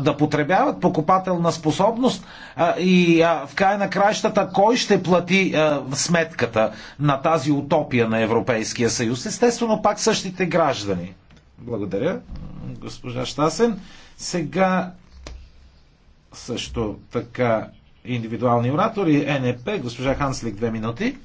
да потребяват покупателна способност и в края на краищата кой ще плати сметката на тази утопия на Европейския съюз? Естествено, пак същите граждани. Благодаря, госпожа Штасен. Сега също така индивидуални оратори, е, НЕП, госпожа Ханслик, две минути.